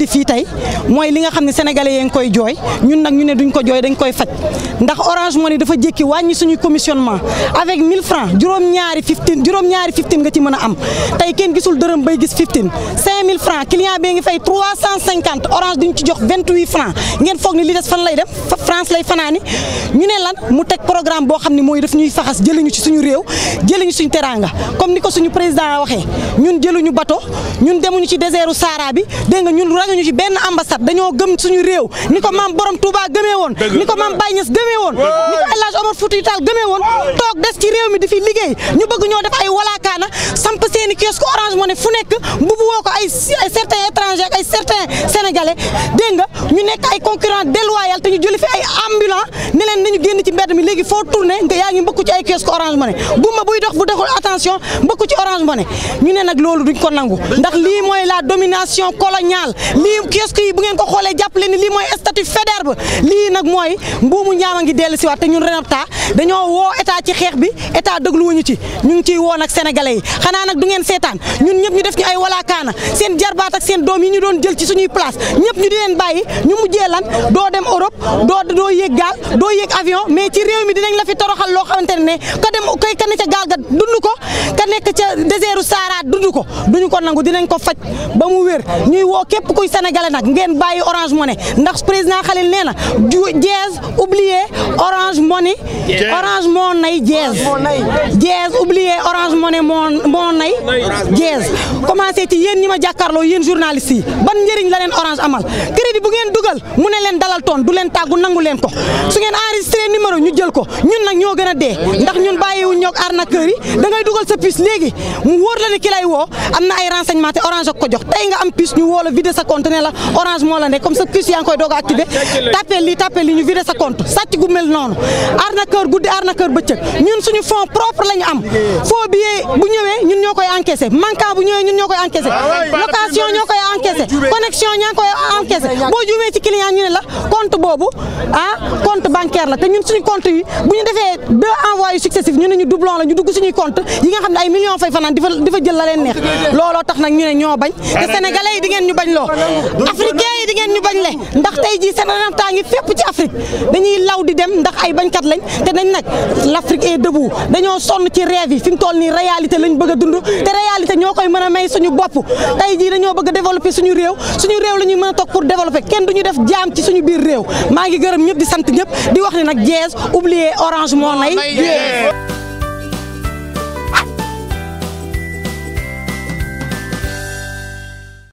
indi fii tey mooy li nga xam ne sénégalais yee ngi koy jooy ñun nag ñu ne duñ ko jooy dañ koy faj ndax Orange Money dafa jékki wàññi suñuy commissionnement avec 1000 francs juróom-ñaari nga ci mën a am tey kenn gisul dërëm bay gis 15 5000 francs client bee ngi fay 350 Orange duñ ci jox 28 francs ngeen foog ni li des fan lay dem France lay fanaani ñu ne lan mu teg programme boo xam ni mooy daf ñuy faxas jëliñu ci suñu réew jëliñu suñu teraanga comme ni ko suñu président waxee ñun jëluñu bato ñun demuñu ci désertu Sahara bi dégg xaaruñu ci benn ambassade dañoo gëm suñu réew ni ko maam borom Touba gëmee woon ni ko maam mi di fi liggéey ñu bëgg ñoo def ay walaakaana samp seeni moo ne fu nekk bu bu woo ko ay ay certains étrangers ak ay ñu nekk ay concurrent déloyal te ñu jëli fi ay ambulant ne leen nañu génn ci mbedd mi léegi foo tourné nga yaa ngi mbëkku ci ay kiosque orange moo ne gumba buy dox bu doxul attention mbëkku ci orange moo ñu ne nag loolu duñ ko nangu ndax lii mooy la domination coloniale lii kiosque yi bu ngeen ko xoolee jàppale ni lii mooy statut Faidherbe lii nag mooy mbuumu ñaama ngi dellu si waat te ñun Renapta dañoo woo état ci xeex bi état dégluwuñu ci ñu ngi ciy woo nag sénégalais yi xanaa nag du ngeen seetaan ñun ñëpp ñu def ñu ay walaakaana seen jarbaat ak seen doom yi ñu doon jël ci suñuy place ñëpp ñu di leen bàyyi ñu mujjee lan doo dem Europe doo doo yéeg gaal doo yéeg avion mais ci réew mi dinañ la fi toroxal loo xamante ne ne ca gaal ga dund ko ka nekk ca désertu Sahara dund ko duñu ko nangu dinañ ko faj ba mu wér ñuy woo képp sénégalais nag ngeen bàyyi Orange Money ndax président Khalil nee na ju jeez oublier Orange Money. Orange moo nay jeez. jeez oublier Orange Money moo moo nay jeez commencé ci yéen ñi ma jàkkaarloo yéen journalistes yi ban njëriñ la leen Orange amal crédit bu ngeen dugal mu ne leen dalal toon du leen tàggu nangu leen ko su ngeen enregistré numéro ñu jël ko ñun nag ñoo gën a dee ndax ñun bàyyiwuñ ñoo arnaqueur na da ngay dugal sa puce léegi mu wóor la ne ki lay woo am na ay renseignement te Orange ak ko jox tey ñu woo la sa compte compte ne la orange moo la ne comme sa cuisse yaa ngi koy doog a activé ah, tapé lii tapé lii ñu vidé sa compte sàcc gu mel noonu arnaqueur guddi arnaqueur bëccëg ñun suñu fonds propre la am faux billet bu ñëwee ñun ñoo koy encaissé manquant bu ñëwee ñun ñoo koy encaissé ah location ñoo koy encaissé connexion ñaa ngi koy encaissé boo juumee ci client ñu ne la compte boobu ah compte bancaire la te ñun suñu compte yi bu ñu defee deux envois yu successifs ñu ne ñu doublon africain yi di ngeen ñu bañ le ndax tey jii seen ngi yi fépp ci Afrique dañuy law di dem ndax ay bañkat lañ te dañ nag l'Afrique est debout dañoo sonn ci rêve yi fi mu nii réalité lañ bëgg dund te réalité ñoo koy mën may suñu bopp tey jii dañoo bëgg a suñu réew suñu réew la ñuy mën a toog pour développer kenn duñu def jaam ci suñu biir réew maa ngi gërëm ñëpp di sant ñëpp di wax ne nag jeez oublier orange moo nay